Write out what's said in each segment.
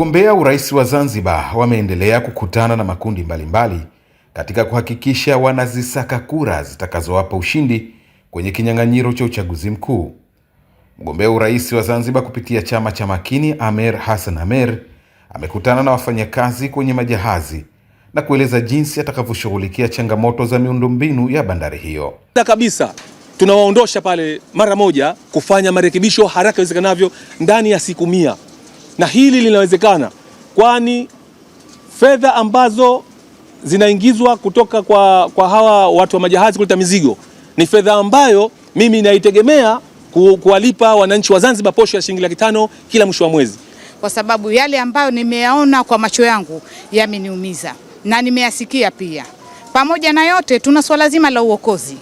Wagombea urais wa Zanzibar wameendelea kukutana na makundi mbalimbali mbali katika kuhakikisha wanazisaka kura zitakazowapa ushindi kwenye kinyang'anyiro cha uchaguzi mkuu. Mgombea urais wa Zanzibar kupitia chama cha Makini, Amer Hassan Amer amekutana na wafanyakazi kwenye majahazi na kueleza jinsi atakavyoshughulikia changamoto za miundombinu ya bandari hiyo. Kabisa tunawaondosha pale mara moja kufanya marekebisho haraka iwezekanavyo ndani ya siku mia na hili linawezekana, kwani fedha ambazo zinaingizwa kutoka kwa, kwa hawa watu wa majahazi kuleta mizigo ni fedha ambayo mimi naitegemea ku, kuwalipa wananchi wa Zanzibar posho ya shilingi laki tano kila mwisho wa mwezi, kwa sababu yale ambayo nimeyaona kwa macho yangu yameniumiza na nimeyasikia pia. Pamoja na yote, tuna swala zima la uokozi.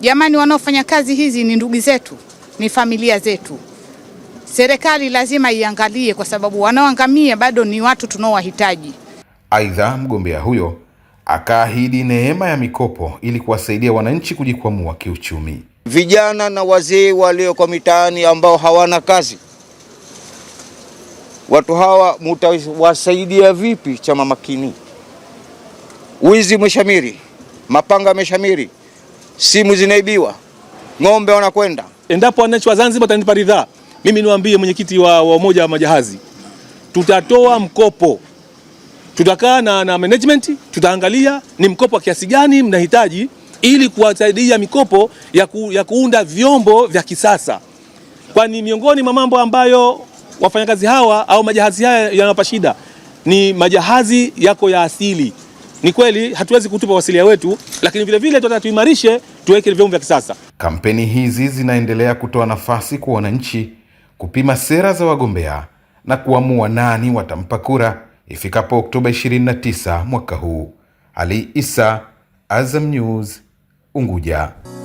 Jamani, wanaofanya kazi hizi ni ndugu zetu, ni familia zetu serikali lazima iangalie, kwa sababu wanaoangamia bado ni watu tunaowahitaji. Aidha, mgombea huyo akaahidi neema ya mikopo ili kuwasaidia wananchi kujikwamua kiuchumi. Vijana na wazee walio kwa mitaani ambao hawana kazi, watu hawa mutawasaidia vipi? Chama makini, wizi umeshamiri, mapanga ameshamiri, simu zinaibiwa, ng'ombe wanakwenda. Endapo wananchi wa Zanzibar watanipa ridhaa mimi niwaambie mwenyekiti wa, wa umoja wa majahazi, tutatoa mkopo, tutakaa na, na management, tutaangalia ni mkopo wa kiasi gani mnahitaji ili kuwasaidia mikopo ya, ku, ya kuunda vyombo vya kisasa, kwani miongoni mwa mambo ambayo wafanyakazi hawa au majahazi haya yanawapa shida ni majahazi yako ya asili. Ni kweli hatuwezi kutupa wasilia wetu, lakini vile vile tunataka tuimarishe, tuweke vyombo vya kisasa. Kampeni hizi zinaendelea kutoa nafasi kwa wananchi kupima sera za wagombea na kuamua nani watampa kura ifikapo Oktoba 29 mwaka huu. Ali Isa, Azam News, Unguja.